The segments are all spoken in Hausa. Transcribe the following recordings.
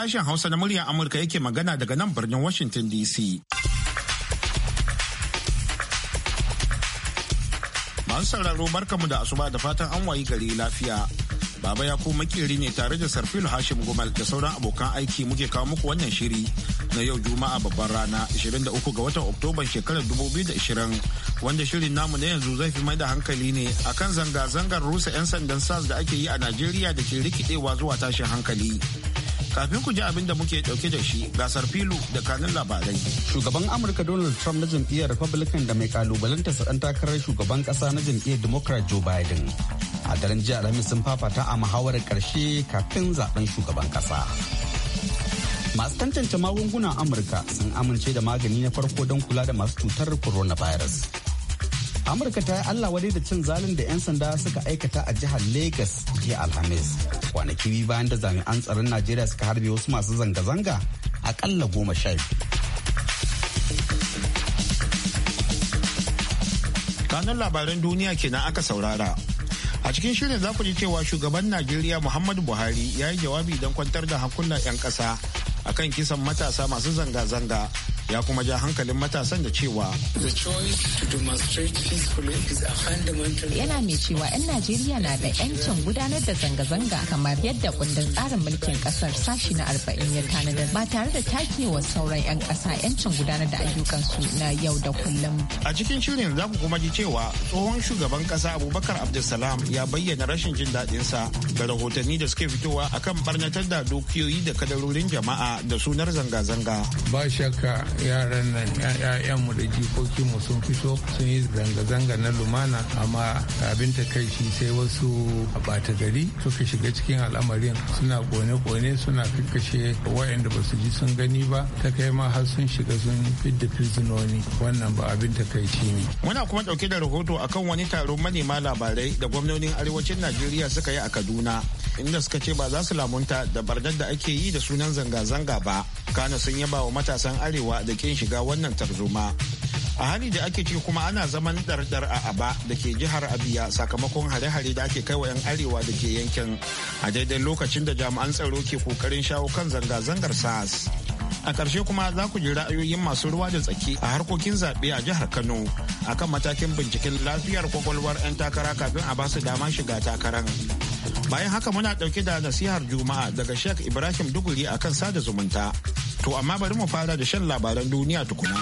Sashen Hausa na muryar Amurka yake magana daga nan birnin Washington DC. Masu sauraro barkamu da asuba da fatan an wayi gari lafiya. Baba ya kuma makeri ne tare da Sarfilu Hashim Gumal da sauran abokan aiki muke kawo muku wannan shiri na yau Juma'a babban rana 23 ga watan Oktoban shekarar 2020 wanda shirin namu na yanzu zai fi mai da hankali ne akan zanga-zangar rusa 'yan sandan SARS da ake yi a Najeriya da ke rikidewa zuwa tashin hankali. Kafin ku ji abin da muke dauke da shi gasar filu da kanin labarai. Shugaban Amurka Donald Trump na jam'iyyar Republican da mai kalubalanta sa takarar shugaban kasa na jam'iyyar Democrat Joe Biden. A daren jiya Alhamis sun fafata a muhawarar karshe kafin zaben shugaban kasa. Masu tantance magungunan Amurka sun amince da magani na farko don kula da masu cutar coronavirus. Amurka ta yi Allah wadai da cin zalin da 'yan sanda suka aikata a jihar Legas jiya Alhamis. kwanaki biyu bayan da jami'an tsaron najeriya suka harbe wasu masu zanga-zanga akalla goma sha biyu ranar labaran duniya kenan aka saurara a cikin shirin za ku ji cewa shugaban najeriya muhammadu buhari ya yi jawabi don kwantar da hankulan 'yan ƙasa akan kisan matasa masu zanga-zanga ya kuma ja hankalin matasan da cewa yana mai cewa 'yan najeriya na da 'yancin gudanar da zanga-zanga kamar yadda kundin tsarin mulkin kasar sashi na 40 ya tanadar ba tare da takewa sauran 'yan kasa 'yancin gudanar da ayyukansu na yau da kullum a cikin shirin za ku kuma ji cewa tsohon shugaban kasa abubakar abdulsalam ya bayyana rashin jin daɗinsa da rahotanni da suke fitowa akan barnatar da dukiyoyi da kadarorin jama'a da sunar zanga-zanga. Ba shakka yaran nan ‘ya'yanmu da mu sun fito sun yi zanga-zanga na lumana amma abin ta takaici sai wasu bata gari suka shiga cikin al'amarin suna kone-kone suna kakashe wayanda ba su ji sun gani ba ta kai ma har sun shiga sun fidda fizinoni wannan ba abin ta takaici ne. Muna kuma ɗauke da rahoto akan wani taron manema labarai da gwamnonin arewacin Najeriya suka yi a Kaduna inda suka ce ba za su lamunta da barnar da ake yi da sunan zanga-zanga nan gaba kana sun yaba wa matasan arewa da kin shiga wannan tarzoma a hali da ake ci kuma ana zaman dardar a aba da ke jihar abiya sakamakon hare-hare da ake kaiwa 'yan arewa da ke yankin a daidai lokacin da jami'an tsaro ke kokarin shawo kan zanga-zangar sas a ƙarshe kuma za ku ji ra'ayoyin masu ruwa da tsaki a harkokin zaɓe a jihar kano akan matakin binciken lafiyar kwakwalwar 'yan takara kafin a basu dama shiga takarar Bayan haka muna ɗauke da nasihar Juma'a daga Sheikh Ibrahim Duguri a kan sada zumunta. To amma bari mu fara da shan labaran duniya tukuna.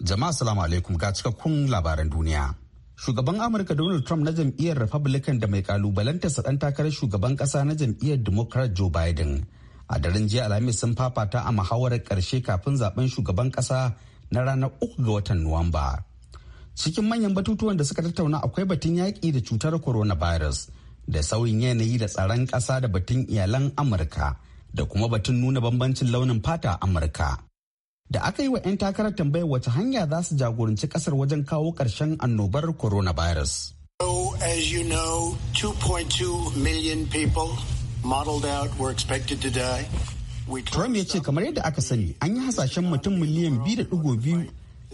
Jama'a salamu alaikum ga cikakkun labaran duniya. Shugaban Amurka Donald Trump na jam'iyyar Republican da mai sa ɗan takarar shugaban kasa na jam'iyyar Democrat Joe Biden. A daren jiya Alhamis sun fafata a muhawarar karshe kafin zaben shugaban kasa na ranar uku ga watan Nuwamba. cikin manyan batutuwan da suka tattauna akwai batun yaƙi da cutar coronavirus da sauyin yanayi da tsaron ƙasa da batun iyalan amurka da kuma batun nuna bambancin launin fata amurka da aka yi wa 'yan takarar tambayar wace hanya za su jagoranci ƙasar wajen kawo ƙarshen annobar coronavirus. virus? as you know, 2.2 million people modeled out Trump ya ce kamar yadda aka sani an yi hasashen mutum miliyan 2.2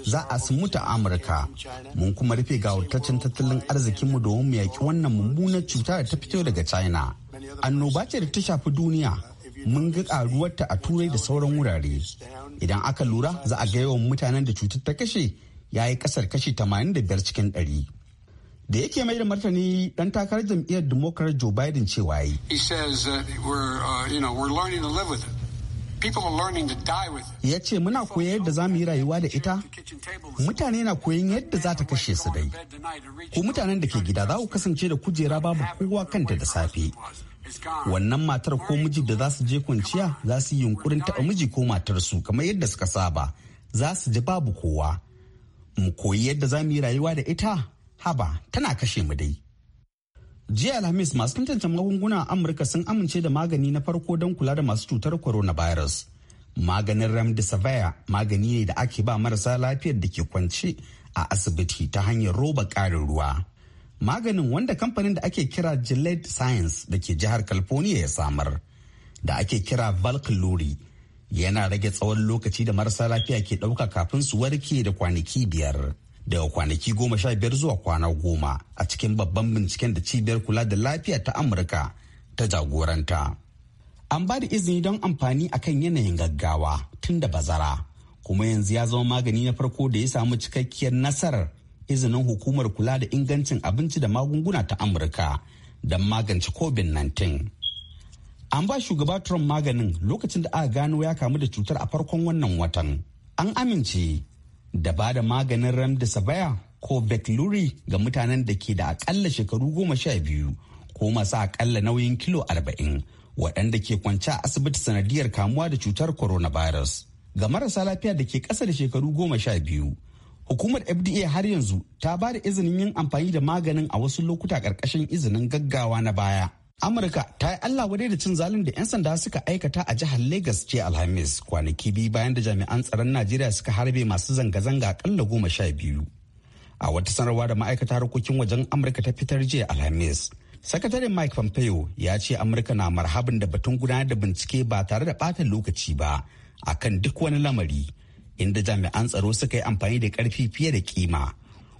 za a su mutu a amurka mun kuma rufe gawurtaccen tattalin arzikinmu domin mu yaƙi wannan mummunar cuta da ta fito daga china annoba ce da ta shafi duniya mun ga karuwarta a turai da sauran wurare idan aka lura za a ga yawan mutanen da cutar ta kashe ya yi kasar kashi biyar cikin ɗari. da yake mai da martani dan takarar jam'iyyar democrat joe biden cewa yi he says we're, uh, you know, we're learning to Ya ce muna koya yadda za mu yi rayuwa da ita? Mutane na koyon yadda za ta kashe su dai. Ko mutanen da ke gida za ku kasance da kujera babu kowa kanta da safe. Wannan matar ko miji da za su je kwanciya za su yi yunkurin taɓa miji ko matar su kamar yadda suka saba. Za su ji babu kowa. Mu koyi yadda za mu yi rayuwa da ita? Haba, tana kashe mu dai. jiya alhamis masu tantance magunguna a amurka sun amince da magani na farko don kula da masu cutar coronavirus maganin remdesivir magani ne da ake ba marasa lafiyar da ke kwance a asibiti ta hanyar roba ƙarin ruwa maganin wanda kamfanin da ake kira gillette science da ke jihar california ya samar da ake kira valkyrie yana rage tsawon lokaci da marasa lafiya ke ɗauka kafin su warke da kwanaki biyar daga kwanaki goma sha biyar zuwa kwana goma a cikin babban binciken da cibiyar kula da lafiya ta amurka ta jagoranta an ba da izini don amfani akan yanayin gaggawa tun da bazara kuma yanzu ya zama magani na farko da ya samu cikakkiyar nasarar izinin hukumar kula da ingancin abinci da magunguna ta amurka don magance covid-19 an ba shugaba trump maganin lokacin da aka gano ya kamu da cutar a farkon wannan watan an amince da ba da maganin remdesivir ko Becluri ga mutanen da ke da akalla shekaru goma sha biyu ko masu akalla nauyin kilo arba'in waɗanda ke kwance a asibiti sanadiyar kamuwa da cutar coronavirus. Ga marasa lafiya da ke ƙasa da shekaru goma sha biyu, hukumar FDA har yanzu ta ba da izinin yin amfani da maganin a wasu lokuta ƙarƙashin izinin gaggawa na baya Amurka ta yi Allah wadai da cin zalin da 'yan sanda suka aikata a jihar Legas jiya Alhamis kwanaki biyu bayan da jami'an tsaron Najeriya suka harbe masu zanga-zanga akalla goma sha biyu. A wata sanarwa da ma'aikata harkokin wajen Amurka ta fitar jiya Alhamis. Sakataren Mike Pompeo ya ce Amurka na marhabin da batun gudanar da bincike ba tare da ɓata lokaci ba a kan duk wani lamari inda jami'an tsaro suka yi amfani da ƙarfi fiye da kima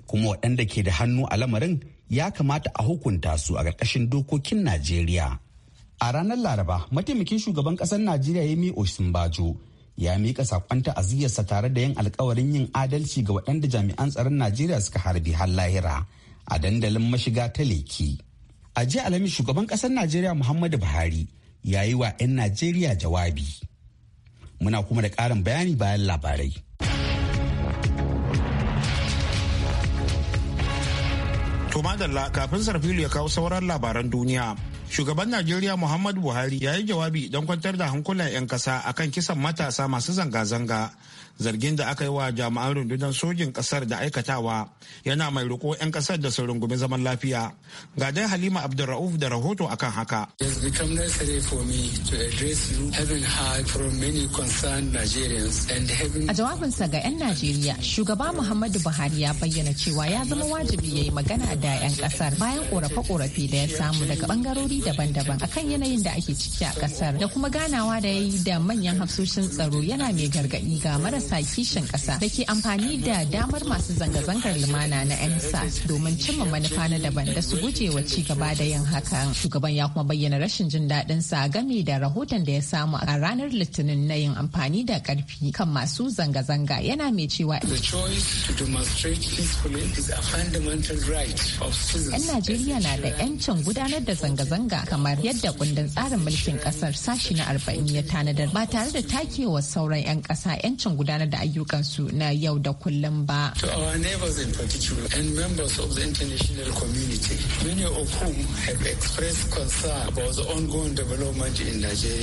kuma waɗanda ke da hannu a lamarin ya kamata a hukunta su a ƙarƙashin dokokin Najeriya. A ranar Laraba, mataimakin shugaban ƙasar Najeriya ya Yemi Osinbajo ya miƙa saƙon ta'aziyyarsa tare da yin alƙawarin yin adalci ga waɗanda jami'an tsaron Najeriya suka harbi har lahira a dandalin mashiga ta Leki. A jiya Alhamis shugaban ƙasar Najeriya Muhammadu Buhari ya yi wa 'yan Najeriya jawabi. Muna kuma da ƙarin bayani bayan labarai. To madalla kafin sarfilu ya kawo sauran labaran duniya. Shugaban Najeriya Muhammadu Buhari ya yi jawabi don kwantar da hankulan 'yan kasa akan kisan matasa masu zanga-zanga zargin da aka yi wa jami'an rundunar sojin kasar da aikatawa yana mai riko 'yan kasar da su rungumi zaman lafiya ga dai halima abdulra'uf da rahoto akan haka a jawabinsa ga 'yan najeriya shugaba muhammadu buhari ya bayyana cewa ya zama wajibi ya yi magana da 'yan kasar bayan korafe-korafe da ya samu daga bangarori daban-daban akan yanayin da ake ciki a kasar da kuma ganawa da ya yi da manyan hafsoshin tsaro yana mai gargaɗi ga marasa sa kishin ƙasa da ke amfani da damar masu zanga-zangar lumana na emsa domin cimma manufa na daban da su gujewa ci gaba da yin hakan shugaban ya kuma bayyana rashin jin daɗin sa game da rahoton da ya samu a ranar litinin na yin amfani da ƙarfi kan masu zanga-zanga yana mai cewa yan najeriya na da 'yancin gudanar da zanga-zanga kamar yadda kundin tsarin mulkin ƙasar sashi na arba'in ya tanadar ba tare da takewa sauran 'yan ƙasa 'yancin gudanar gudanar da ayyukansu na yau da kullum ba. international community, many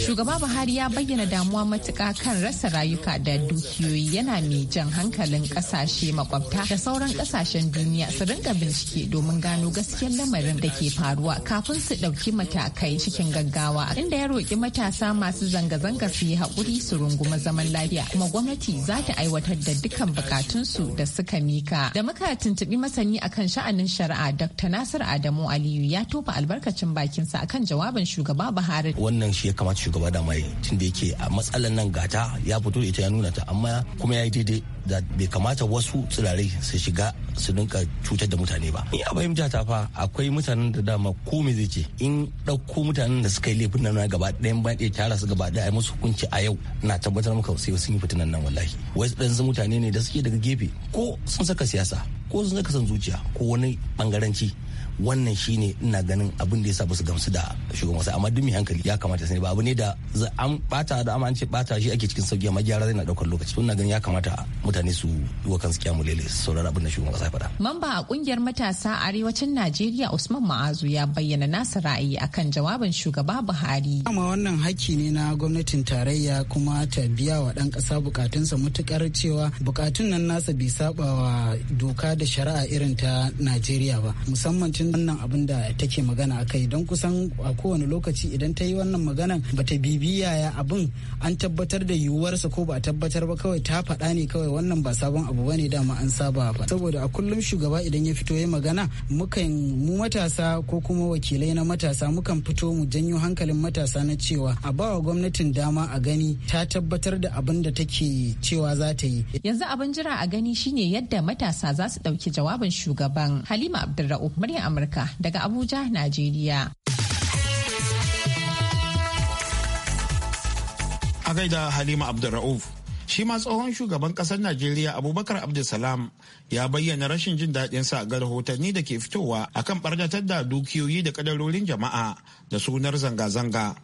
Shugaba Buhari ya bayyana damuwa matuka kan rasa rayuka da dukiyoyi yana mai jan hankalin ƙasashe makwabta da sauran ƙasashen duniya su rinka bincike domin gano gaskiyar lamarin da ke faruwa kafin su ɗauki matakai cikin gaggawa inda ya roƙi matasa masu zanga-zanga su yi haƙuri su runguma zaman lafiya kuma gwamnati za ta aiwatar da dukkan bukatunsu da suka mika. Da muka tuntubi masani akan sha'anin shari'a Dr. Nasir Adamu Aliyu ya tofa albarkacin bakinsa akan jawaban shugaba Buhari. Wannan shi ya kamata shugaba da mai tun da yake a matsalar nan gata ya fito da ita ya nuna ta amma kuma ya yi daidai da bai kamata wasu tsirarai su shiga su dinka cutar da mutane ba. Ni a fahimta ta fa akwai mutanen da dama ko me zai ce in ɗauko mutanen da suka yi laifin nan gaba ɗayan bayan ɗaya tara su gaba ɗaya musu hukunci a yau na tabbatar maka sai sun yi fitinan nan wallahi. wallahi wasu ɗansu mutane ne da suke daga gefe ko sun saka siyasa ko sun saka son zuciya ko wani ɓangaranci wannan shine ina ganin abin da ya sa ba su gamsu da shugaban kasa amma dumi hankali ya kamata sai ba abu ne da an bata da an ce bata shi ake cikin sauki amma gyara zai na daukar lokaci ina ganin ya kamata mutane su yi wa kansu kyamu lele su saurari abin da shugaban kasa faɗa. mamba a kungiyar matasa arewacin najeriya usman ma'azu ya bayyana nasa ra'ayi akan jawabin shugaba buhari. amma wannan haƙƙi ne na gwamnatin tarayya kuma ta biya wa ɗan ƙasa bukatunsa mutukar cewa bukatun nan nasa bai sabawa doka da shari'a irin ta najeriya ba musamman lokacin wannan abin da take magana akai don kusan a kowane lokaci idan ta yi wannan maganan bata bibiya ya abin an tabbatar da yiwuwarsa ko ba a tabbatar ba kawai ta faɗa ne kawai wannan ba sabon abu ba ne dama an saba ba saboda a kullum shugaba idan ya fito ya magana mukan mu matasa ko kuma wakilai na matasa mukan fito mu janyo hankalin matasa na cewa a bawa gwamnatin dama a gani ta tabbatar da abin da take cewa za ta yi yanzu abin jira a gani shine yadda matasa za su ɗauki jawabin shugaban halima abdulra'uf murya Amurka daga Abuja, Najeriya. A gaida Halima Abdulra'uf. Shi ma tsohon shugaban ƙasar Najeriya Abubakar Abdulsalam ya bayyana rashin jin daɗinsa ga rahotanni da ke fitowa a kan ɓarnatar da dukiyoyi da kadarorin jama'a da sunar zanga-zanga.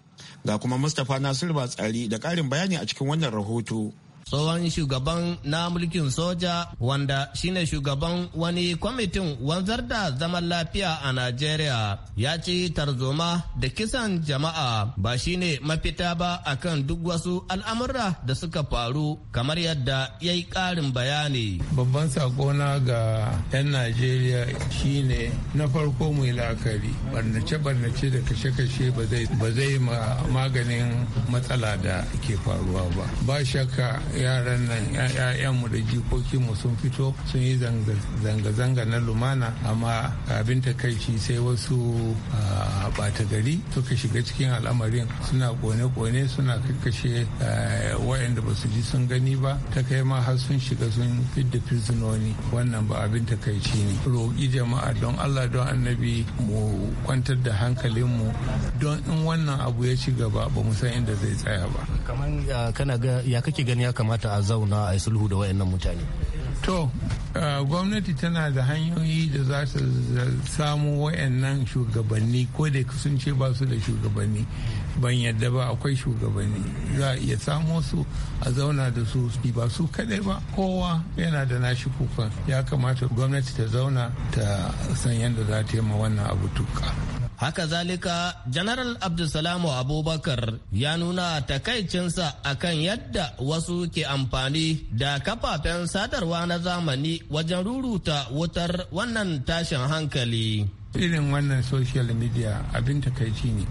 Ga kuma Mustapha Nasiru Batsari da ƙarin bayani a cikin wannan rahoto. tsohon shugaban na mulkin soja wanda shine shugaban wani kwamitin wanzar da zaman lafiya a Najeriya ya ce tarzoma da kisan jama'a ba shine mafita ba akan duk wasu al'amura da suka faru kamar yadda ya yi karin bayani. Babban sakona ga 'yan Najeriya shine na farko mu yi la'akari barnace-barnace da kashe-kashe ba zai maganin matsala da ke faruwa ba. Ba shakka yaran nan ‘ya'yanmu da mu sun fito sun yi zanga-zanga na lumana amma abin takaici sai wasu bata gari suka shiga cikin al'amarin suna kone-kone suna kashe wayanda ba su ji sun gani ba ta kai ma har sun shiga sun fidda firzinoni wannan ba abin takaici ne roƙi jama'a don allah don annabi mu kwantar da hankalinmu don in wannan abu ya ci gaba ba san inda zai tsaya ba kamar kana ya kake gani ya kamata a zauna a yi sulhu da wayannan mutane to gwamnati tana da hanyoyi da za ta samu wayannan shugabanni ko da sun ce ba su da shugabanni ban yadda ba akwai shugabanni za a iya samo su a zauna da su ba su kadai ba kowa yana da nashi kukan ya kamata gwamnati ta zauna ta san yadda za ta yi ma wannan abu tuka Haka zalika, Janaral Abdulsalamu Abubakar ya nuna takaicinsa akan yadda wasu ke amfani da kafafen sadarwa na zamani wajen ruruta wutar wannan tashin hankali. irin wannan social media abin takaici ne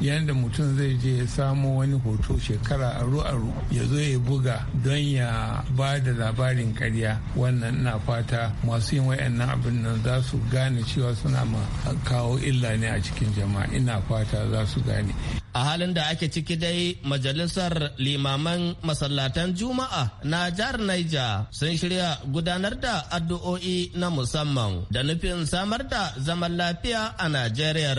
yadda mutum zai je ya samo wani hoto shekara aru aru ya zo ya buga don ya ba da labarin karya wannan na fata masu yin wayannan abin nan za su gane cewa suna ma kawo illa ne a cikin jama'a ina fata za su gane a halin da ake ciki dai majalisar limaman masallatan juma'a na jihar naija sun shirya gudanar da addu'o'i na musamman da nufin samar da zaman lafiya a najeriya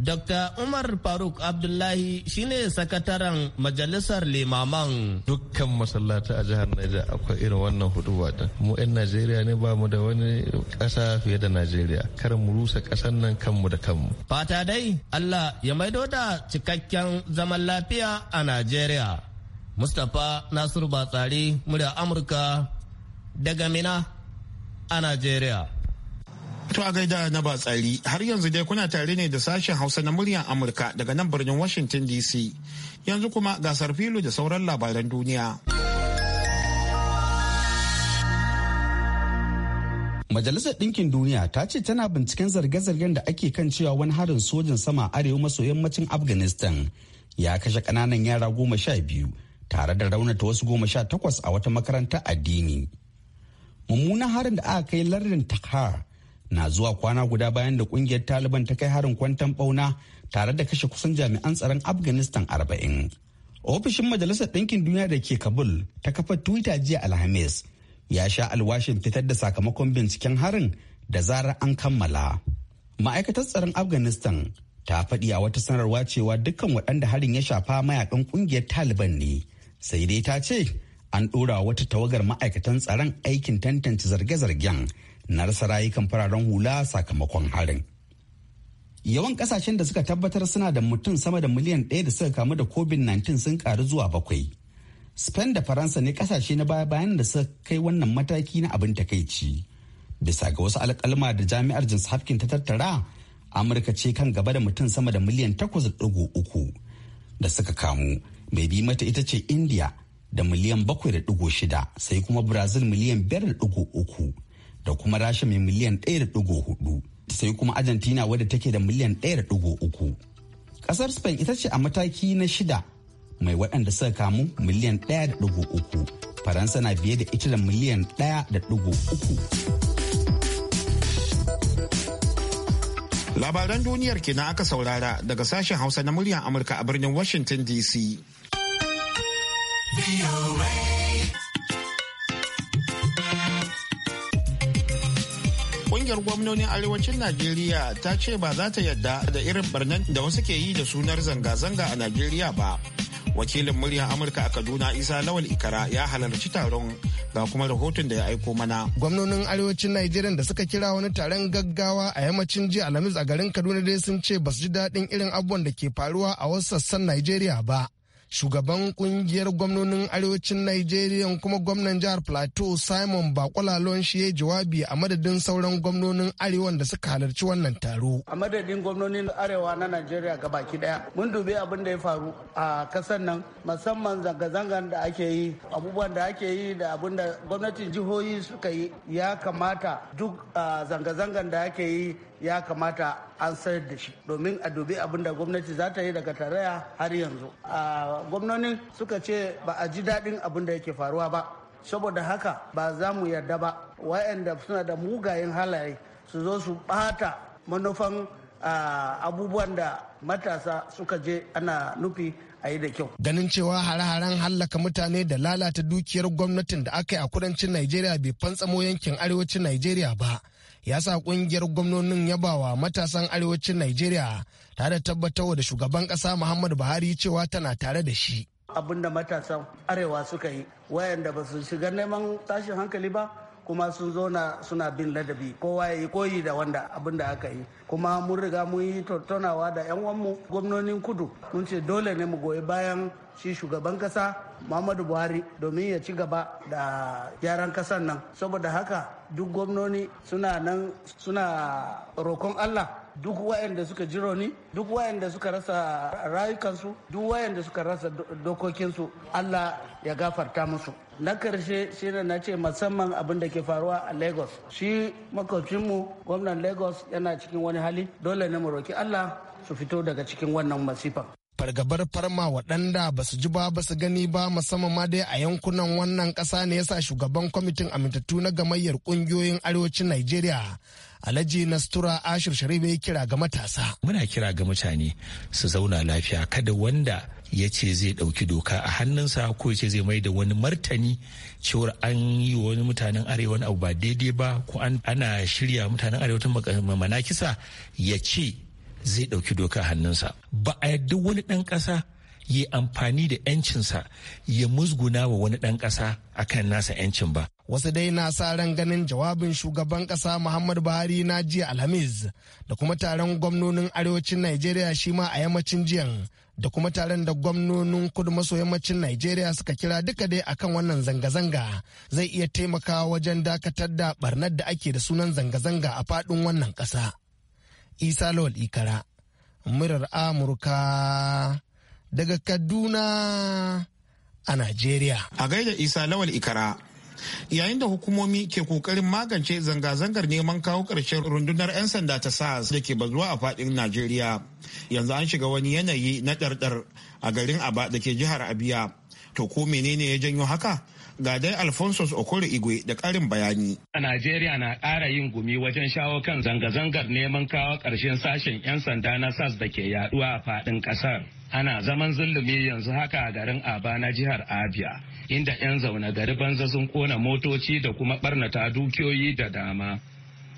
Dr. Umar Faruk Abdullahi shine sakataren majalisar limaman. Dukkan masallata a jihar Niger akwai irin wannan huduwa din. Mu 'yan Najeriya ne ba mu da wani ƙasa fiye da Najeriya. Kar mu rusa ƙasar nan kanmu da kanmu. Fata dai Allah ya maido da cikakken zaman lafiya a Najeriya. Mustapha Nasiru Batsari, murya Amurka daga Mina a Najeriya. To a gaida na ba tsari har yanzu dai kuna tare ne da sashen Hausa na muryar Amurka daga nan birnin Washington DC. Yanzu kuma gasar filo da sauran labaran duniya. Majalisar Ɗinkin Duniya ta ce tana binciken zarge-zargen da ake kan cewa wani harin sojin sama arewa maso yammacin Afghanistan ya kashe ƙananan yara goma sha biyu tare da raunata wasu goma sha takwas a wata makaranta addini. Mummunan harin da aka kai lardin Takhar na zuwa kwana guda bayan da kungiyar taliban ta kai harin kwantan bauna tare da kashe kusan jami'an tsaron afghanistan arba'in. ofishin majalisar ɗinkin duniya da ke kabul ta kafar twitter jiya alhamis ya sha alwashin fitar da sakamakon binciken harin da zarar an kammala ma'aikatar tsaron afghanistan ta faɗi a wata sanarwa cewa dukkan waɗanda harin ya shafa mayakan kungiyar taliban ne sai dai ta ce an ɗora wata tawagar ma'aikatan tsaron aikin tantance zarge-zargen na rasa rayukan fararen hula sakamakon harin. Yawan kasashen da suka tabbatar suna da mutum sama da miliyan ɗaya da suka kamu da COVID-19 sun karu zuwa bakwai. Spain da Faransa ne kasashe na baya-bayan da suka kai wannan mataki na abin takaici. Bisa ga wasu alƙalma da jami'ar Johns Hopkins ta tattara, Amurka ce kan gaba da mutum sama da miliyan takwas da uku da suka kamu. Mai bi mata ita ce India da miliyan 7.6 sai kuma brazil miliyan 5.3 da kuma rasha mai miliyan 1.4 sai kuma argentina wadda take da miliyan 1.3 kasar spain ita ce a mataki na shida mai waɗanda suka kamu miliyan 1.3 faransa na biye da ita da miliyan 1.3 Labaran duniyar kenan aka saurara daga sashen Hausa na muryar Amurka a birnin Washington DC. Ƙungiyar gwamnonin arewacin Najeriya ta ce ba za ta yadda da irin barnan da wasu ke yi da sunar zanga-zanga a Najeriya ba. Wakilin muryar Amurka a Kaduna Isa Lawal Ikara ya halarci taron ga kuma rahoton da ya aiko mana. Gwamnonin arewacin Najeriya da suka kira wani taron gaggawa a yammacin jiya Alhamis a garin Kaduna dai sun ce ba su ji daɗin irin abubuwan da ke faruwa a wasu sassan Najeriya ba. shugaban kungiyar gwamnonin arewacin Nigeria kuma gwamnan jihar Plateau Simon Bakwalalon shi ya jawabi a madadin sauran gwamnonin Arewa da suka halarci wannan taro. A madadin gwamnonin arewa na Nigeria baki daya mun dubi abin da ya faru a kasan nan musamman zanga-zangan da ake yi abubuwan da ake yi da abin da gwamnatin jihohi suka yi ya kamata duk ah, zanga-zangan da ake yi ya kamata an sayar da shi domin a dubi abin da gwamnati za ta yi daga tarayya har yanzu a gwamnoni suka ce ba a ji daɗin abin da yake faruwa ba saboda haka ba za mu yarda ba wayanda suna da mugayen halaye su zo su ɓata manufan abubuwan da matasa suka je ana nufi a yi da kyau. Ganin cewa hare-haren hallaka mutane da lalata dukiyar gwamnatin da aka yi a kudancin Najeriya bai fantsamo yankin arewacin Najeriya ba. ya sa kungiyar gwamnonin yabawa matasan arewacin Najeriya tare da tabbatarwa da shugaban kasa Muhammadu Buhari cewa tana tare da shi. Abin da matasan arewa suka yi wayanda ba su shiga neman tashin hankali ba kuma sun suna bin ladabi kowa ya yi koyi da wanda abin da aka yi kuma mun riga mun yi tattaunawa da 'yan wanmu gwamnonin kudu mun ce dole ne mu goyi bayan shi shugaban kasa muhammadu buhari domin ya ci gaba da gyaran kasar nan saboda haka duk gwamnoni suna nan suna rokon allah duk wayanda suka ji ni duk wayanda suka rasa rayukansu duk wayanda suka rasa dokokinsu allah ya gafarta musu na karshe ne na ce musamman abin da ke faruwa a lagos shi makocinmu gwamnan lagos yana cikin wani hali dole ne mu roki allah su fito daga cikin wannan masifan fargabar farma waɗanda ba su ji ba ba su gani ba musamman ma dai a yankunan wannan ƙasa ne ya sa shugaban kwamitin amintattu na gamayyar ƙungiyoyin arewacin Najeriya Alhaji Nastura Ashir Sharif ya kira ga matasa. Muna kira ga mutane su zauna lafiya kada wanda ya ce zai ɗauki doka a hannunsa ko ya ce zai mai da wani martani cewar an yi wa wani mutanen arewa wani abu ba daidai ba ko ana shirya mutanen arewa ta manakisa ya ce zai ɗauki doka hannunsa ba a yarda wani ɗan ƙasa ya amfani da 'yancinsa ya musguna wa wani ɗan ƙasa akan nasa 'yancin ba wasu dai na sa ran ganin jawabin shugaban ƙasa muhammadu buhari na jiya alhamis da kuma taron gwamnonin arewacin Najeriya shi ma a yammacin jiyan da kuma taron da gwamnonin kudu maso yammacin Najeriya suka kira duka dai akan wannan zanga-zanga zai iya taimakawa wajen dakatar da barnar da ake da sunan zanga-zanga a faɗin wannan ƙasa. isa lawal ikara murar amurka daga kaduna a najeriya a gaida isa lawal ikara yayin da hukumomi ke kokarin magance zanga-zangar neman kawo ƙarshen rundunar 'yan sanda ta Sars da ke bazuwa a fadin najeriya yanzu an shiga wani yanayi na ɗarɗar a garin aba da ke jihar Abia. to ko menene ya janyo haka Ga dai Alphonsus Okoro Igwe da karin bayani. A Najeriya na ƙara yin gumi wajen shawo kan zanga-zangar neman kawo ƙarshen sashen 'yan sanda na SAS da ke yaduwa a faɗin ƙasar. Ana zaman zulumi yanzu haka a garin Aba na jihar Abia, inda 'yan zaune gari banza sun kona motoci da kuma ɓarnata dukiyoyi da dama.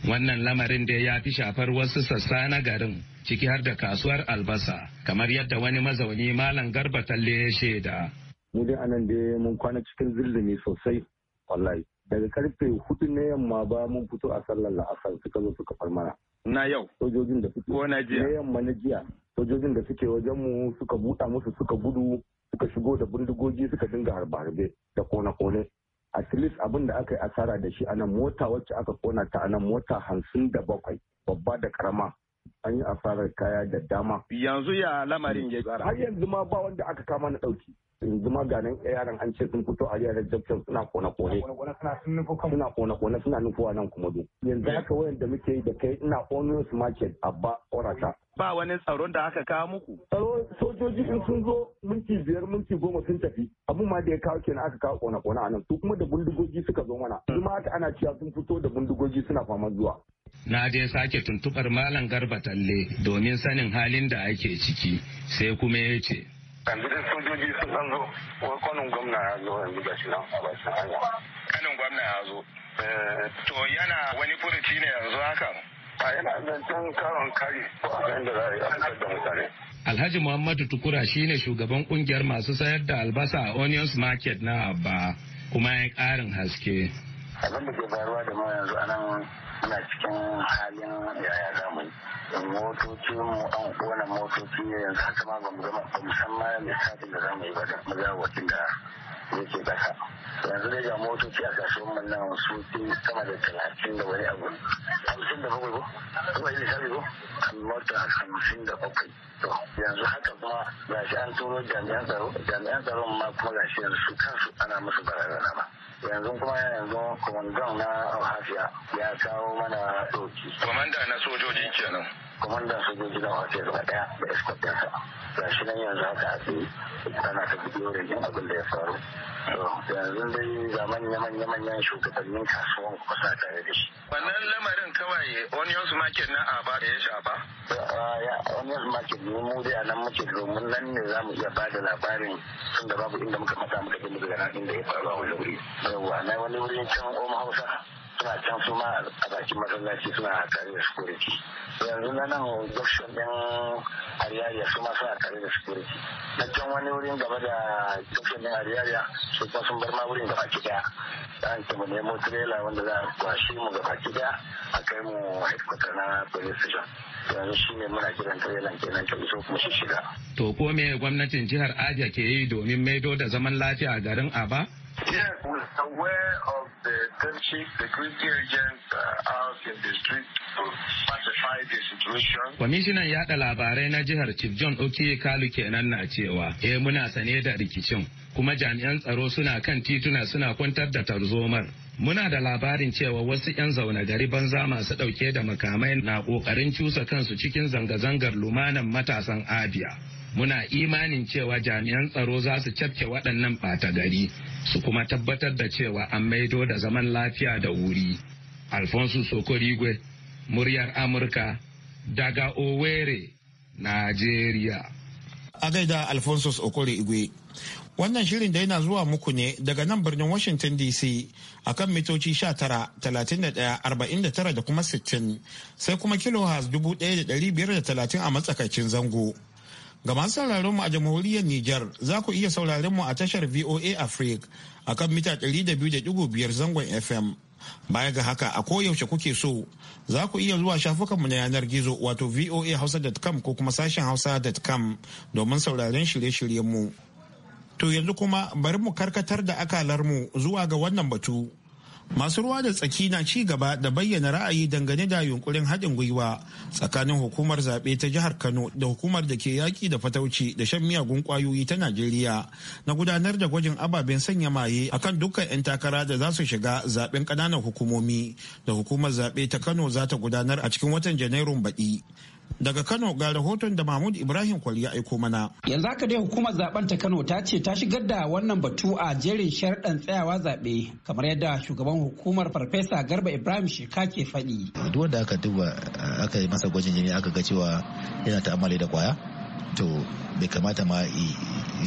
Wannan lamarin da ya fi shafar wasu sassa na garin. ciki har da kasuwar albasa kamar yadda wani mazauni malam garba talle ya shaida mu dai anan da mun kwana cikin zillimi sosai wallahi daga karfe hudu na yamma ba mun fito a sallar la'asar suka zo suka far mana na yau sojojin da suke na yamma na jiya sojojin da suke wajen mu suka buɗa musu suka gudu suka shigo da bindigogi suka dinga harbe-harbe da kone-kone at least abin da aka yi asara da shi anan mota wacce aka kona ta anan mota hamsin da bakwai babba da karama an yi asarar kaya da dama yanzu ya lamarin ya tsara har yanzu ma ba wanda aka kama na ɗauki yanzu ma ga nan yaran an ce sun fito a yaran jaktar suna kone kone suna kone kone suna nufuwa nan kuma do yanzu eh. haka wayan da muke yi da kai ina su market abba orata ba wani tsaron da aka kawo muku tsaro sojoji in sun zo minti biyar minti goma sun tafi Abu ma da ya kawo kenan aka kawo kone kone a nan su kuma da bindigogi suka zo mana Zuma haka ana cewa sun fito da bindigogi suna fama zuwa na je sake tuntubar malam garba talle domin sanin halin da ake ciki sai kuma ya ce yanzu da sojoji sun san zo wai kwanin gwamna ya zo yanzu ga shi nan a bakin hanya kanin gwamna ya zo eh. to yana wani furuci ne yanzu haka. a yana zancen karon kari ko a ga inda za a yi amsar da mutane Alhaji Muhammadu Tukura shine shugaban kungiyar masu sayar da albasa a Onions Market na Abba kuma ya ƙarin haske. Abin da ke faruwa da mu yanzu a nan suna cikin halin yaya zamu motoci mu an kona motoci yanzu haka ma ba mu gama ba musamman lissafin da zamu yi ba da mazawacin da yake ƙasa yanzu da ga motoci a kasuwan mun nan su sama da talatin da wani abu hamsin da bakwai ko kuma yi misali ko mota hamsin da bakwai to yanzu haka kuma ga shi an turo jami'an tsaro jami'an tsaron ma kuma ga shi yanzu su kansu ana musu barazana ba yanzu kuma yanzu kwamandan na hafiya ya kawo mana doki. kwamanda na sojoji kenan. kwamandan sojoji na wace zama daya da sa ga shi nan yanzu haka a tsaye ana ta bidiyo da yin abin da ya faru yanzu dai ga manya-manya manyan shugabannin kasuwan kusa tare da shi wannan lamarin kawai onions market na a ba da ya shafa onions market ne mu dai a nan muke domin nan ne za mu iya ba da labarin tun da babu inda muka mata muka gani daga nan inda ya faru a wani wuri yawwa na wani wurin can oma hausa suna can su ma a bakin masallaci suna tare da security yanzu na nan junction din ariyariya su ma suna tare da security na can wani wurin gaba da junction din ariyariya su kuma sun bar ma wurin gaba ki daya an ta mu nemo trailer wanda za a kwashe mu gaba ki daya a kai mu headquarter na police station yanzu shi ne muna kiran trailer kenan ta iso kuma shi shiga. to ko me gwamnatin jihar Abia ke yi domin maido da zaman lafiya a garin Aba? Yes, Uh, Kwamishinan yaɗa labarai na jihar Chief John Okie Kalu kenan na cewa eh muna sane da rikicin kuma jami'an tsaro suna kan tituna suna kwantar da tarzomar. Muna da labarin cewa wasu 'yan zaune gari banza masu ɗauke da makamai na ƙoƙarin cusa kansu cikin zanga-zangar lumanan matasan Abia. muna imanin cewa jami'an tsaro za su cafke waɗannan ɓata gari su kuma tabbatar da cewa an maido da zaman lafiya da wuri. Alfonso Sokorigwe, muryar Amurka, daga Owerri, Najeriya. A gaida Alfonso Sokorigwe, Wannan shirin da yana zuwa muku ne daga nan birnin Washington DC a kan mitoci 19,31,49 da kuma 60 sai kuma kilohaz 1,530 a matsakaicin zango. Ga masu sauraron mu a jamhuriyar Nijar za ku iya sauraron mu a tashar VOA Africa a kan mita 200.5 zangon FM. Baya ga haka a koyaushe kuke so za ku iya zuwa shafukanmu na yanar gizo wato voahausa.com ko kuma sashen hausa.com domin sauraron shirye-shiryenmu. To yanzu kuma bari mu karkatar da akalar mu zuwa ga wannan batu. masu ruwa da tsaki na ci gaba da bayyana ra'ayi dangane da yunkurin haɗin gwiwa tsakanin hukumar zaɓe ta jihar kano da hukumar da ke yaƙi da fatauci da shan miyagun ƙwayoyi ta najeriya na gudanar da gwajin ababen sanya maye akan dukkan 'yan takara da za su shiga zaɓen ƙananan hukumomi da hukumar zaɓe ta kano za ta gudanar a cikin watan janairun baɗi Daga Kano ga rahoton da Mahmud Ibrahim Kwali ya aiko mana. Yanzu haka dai hukumar zaben ta Kano ta ce ta shigar da wannan batu a jerin sharɗan tsayawa zaɓe kamar yadda shugaban hukumar Farfesa Garba Ibrahim Sheka ke faɗi. Duk wanda aka duba aka yi masa gwajin jini aka ga cewa yana ta'ammali da kwaya to bai kamata ma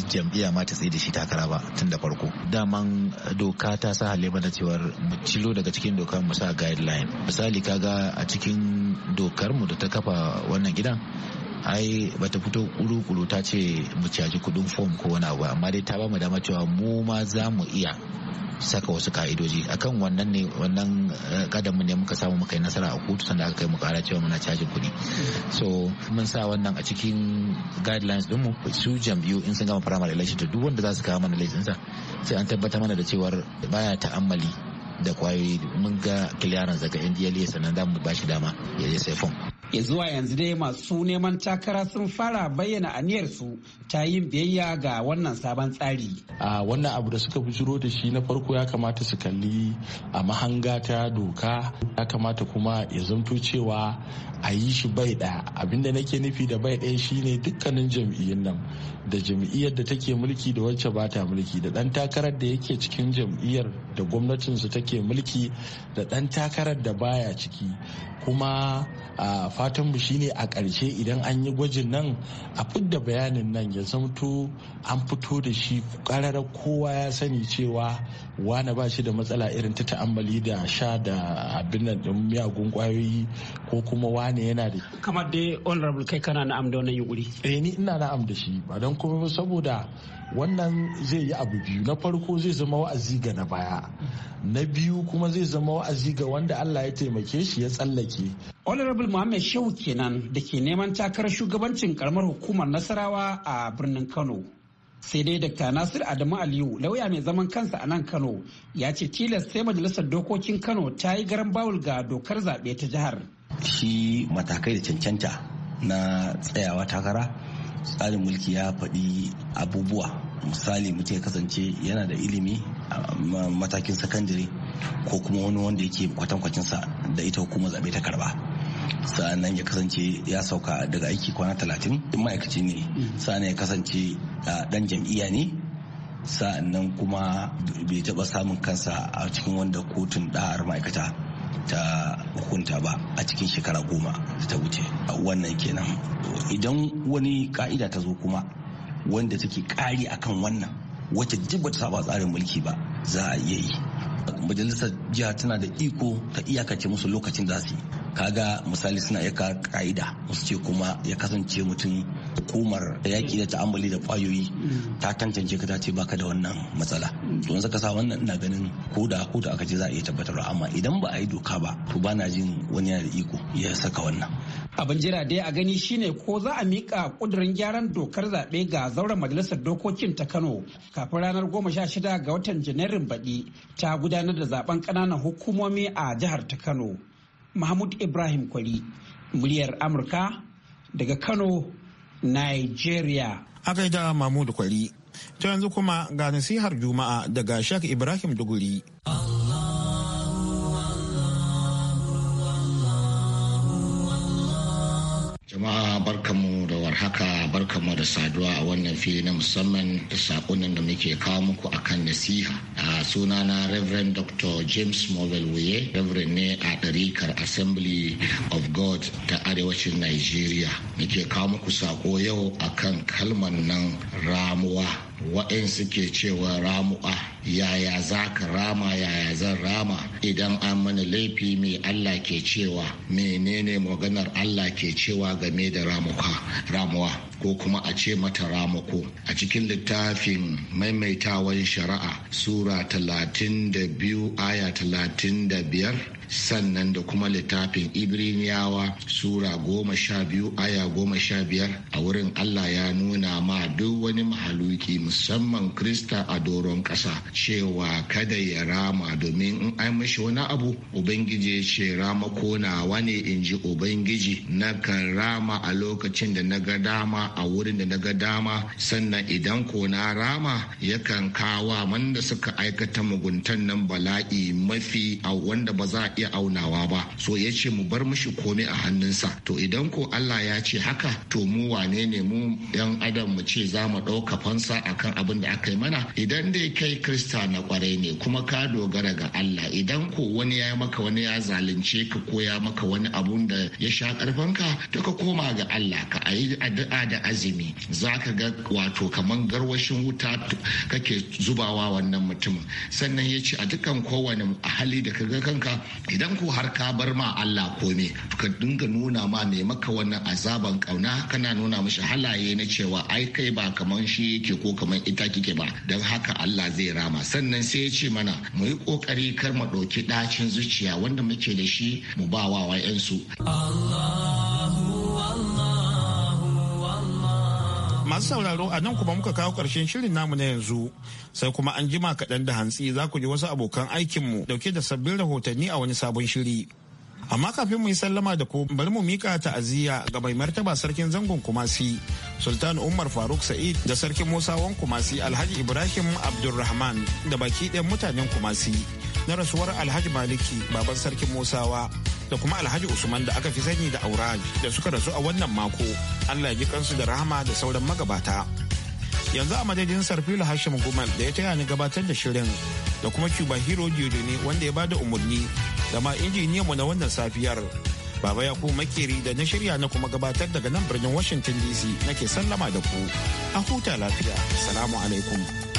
jam'iyya ma ta tsaye da shi takara ba tun da farko daman eh, doka ta sa halle da cewar mu cilo daga cikin doka mu sa guideline misali kaga a cikin dokar mu da ta kafa wannan gidan ai bata fito kuru-kuru ta ce mu caji kudin fom ko wani abu amma dai ta ba mu dama cewa mu ma za mu iya saka wasu ka'idoji a kan wannan ne wannan kadamin eh, ne muka samu muka yi nasara a kotu sanda aka kai mu kara cewa muna cajin kuɗi so mun sa wannan a cikin guidelines dinmu su jam'iyyu in sun gama primary election to duk wanda za su kawo mana laifinsa sai an tabbatar mana da cewar baya ta'ammali da kwayoyi mun ga kiliyaran daga ndla sannan za mu ba shi dama ya je sai fom ya zuwa yanzu dai masu neman takara sun fara bayyana aniyarsu ta yin biyayya ga wannan sabon tsari. a wannan abu da suka bujiro da shi na farko ya kamata su kalli a mahanga ta doka ya kamata kuma ya zamto cewa a yi shi bai ɗaya abinda nake nufi da bai ɗaya shine dukkanin jam'iyyun nan da jam'iyyar da take mulki da wacce ba ta mulki da ɗan takarar da yake cikin jam'iyyar da gwamnatinsu take yake mulki da ɗan takarar da baya ciki kuma a fatan shine a ƙarshe idan an yi gwajin nan a fidda bayanin nan ya zamto an fito da shi ƙarar kowa ya sani cewa wane ba shi da matsala irin ta ta'ammali da sha da abin nan da miyagun ƙwayoyi ko kuma wane yana da kamar dai honorable kai kana na'am da wannan yuri eh ni ina na'am da shi ba don kuma saboda wannan zai yi abu biyu na farko zai zama wa'azi ga na baya na biyu kuma zai zama wa'azi ga wanda Allah ya taimake shi ya tsallake lokaci. Honorable Muhammad Shehu kenan da ke neman takarar shugabancin karamar hukumar Nasarawa a birnin Kano. Sai dai Dr. Nasir Adamu Aliyu lauya mai zaman kansa a nan Kano ya ce tilas sai majalisar dokokin Kano ta yi garan bawul ga dokar zaɓe ta jihar. Shi matakai da cancanta na tsayawa takara tsarin mulki ya faɗi abubuwa misali mutum ya kasance yana da ilimi a matakin sakandare ko kuma wani wanda yake kwatankwacin sa da ita hukumar zabe ta karba sa'annan ya kasance ya sauka daga aiki kwana talatin ma'aikaci ne sa'annan ya kasance dan jam'iyya ne sa'annan kuma bai taba samun kansa a cikin wanda kotun ɗahar ma'aikata ta hukunta ba a cikin shekara goma da ta wuce wannan kenan idan wani ka'ida ta zo kuma wanda take kari akan wannan wacce duk bata saba tsarin mulki ba za a iya yi majalisar jiha tana da iko ta iyakace musu lokacin da su kaga misali suna iya ka'ida musu ce kuma ya kasance mutum hukumar yaki da ta'ammali da kwayoyi ta tantance ka ta ce baka da wannan matsala to yanzu ka sa wannan ina ganin ko da ko da aka ce za a iya tabbatarwa amma idan ba a yi doka ba to ba na jin wani yana da iko ya saka wannan abin jira dai a gani shine ko za a miƙa ƙudurin gyaran dokar zaɓe ga zauren majalisar dokokin ta kano kafin ranar goma sha shida ga watan janairun baɗi ta gudanar da zaben ƙananan hukumomi a jihar ta kano mahmud ibrahim kwari muryar amurka daga kano nigeria a gaida mahmud kwari to yanzu kuma ga nasihar juma'a daga shak ibrahim duguri. jama'a barkanmu da warhaka barkanmu da saduwa a wannan fili na musamman da sakonin da muke kawo muku akan nasiha a sunana reverend dr james mobile wuye reverend ne a ɗarikar assembly of god ta arewacin nigeria muke kawo muku sako yau akan kalman nan ramuwa waɗansu ke cewa ramu'a yaya za ka rama yaya zan rama idan an mana laifi mai allah ke cewa menene maganar allah ke cewa game da ramuwa ko kuma a ce mata ramako a cikin littafin maimaitawan shari'a sura 32 aya 35 sannan da kuma littafin ibriniyawa sura goma sha biyu aya goma sha biyar a wurin allah ya nuna ma duk wani mahaluki musamman krista a doron ƙasa cewa kada ya rama domin in an mashi wani abu ubangiji ya ce rama konawa ne in ji ubangiji na kan rama a lokacin da na ga dama a wurin da na ga dama sannan idan ko na rama yakan kawa wanda suka aikata muguntan nan bala'i mafi a wanda ba za a iya aunawa ba so ya ce mu bar mishi komai a hannunsa to idan ko Allah ya ce haka to mu wane ne mu yan adam mu ce za mu ɗauka fansa akan abin da aka yi mana idan dai kai krista na kwarai ne kuma ka dogara ga Allah idan ko wani ya maka wani ya zalunce ka ko ya maka wani abun da ya sha ka to ka koma ga Allah ka ayi addu'a da azumi za ka ga wato kaman garwashin wuta kake zubawa wannan mutumin sannan ya ce a dukkan kowane hali da ka ga kanka idan ko har ka bar ma Allah kome ka dinga nuna ma mai maka wannan azaban kauna kana nuna mishi halaye na cewa ai kai ba kaman shi yake ko kaman ita kike ba don haka Allah zai rama sannan sai ya ce mana mu yi kokari kar mu ɗauki ɗacin zuciya wanda muke da shi mu ba wa wa'yansu. Allah Masu sauraro a nan kuma muka kawo ƙarshen shirin namu na yanzu sai kuma an jima kaɗan da hantsi za ku ji wasu abokan aikinmu dauke da sabbin rahotanni a wani sabon shiri. Amma kafin mu yi sallama da ku bari mu mika ta'aziyya ga mai martaba sarkin zangon Kumasi Sultan Umar Faruk Sa'id da sarkin Musawan Kumasi Alhaji Ibrahim Abdulrahman da baki ɗayan mutanen Kumasi na rasuwar Alhaji Maliki baban sarkin Musawa da kuma Alhaji Usman da aka fi sani da Auraj da suka rasu a wannan mako. Allah ya ji kansu da rahama da sauran magabata. Yanzu a madadin sarfil Hashim Gumal da ya taya ni gabatar da shirin da kuma Cuba Hero ne wanda ya bada umarni da ma mu na wannan safiyar. Baba ya ku makeri da na shirya na kuma gabatar daga nan birnin Washington DC nake sallama da ku. A huta lafiya. Salamu alaikum.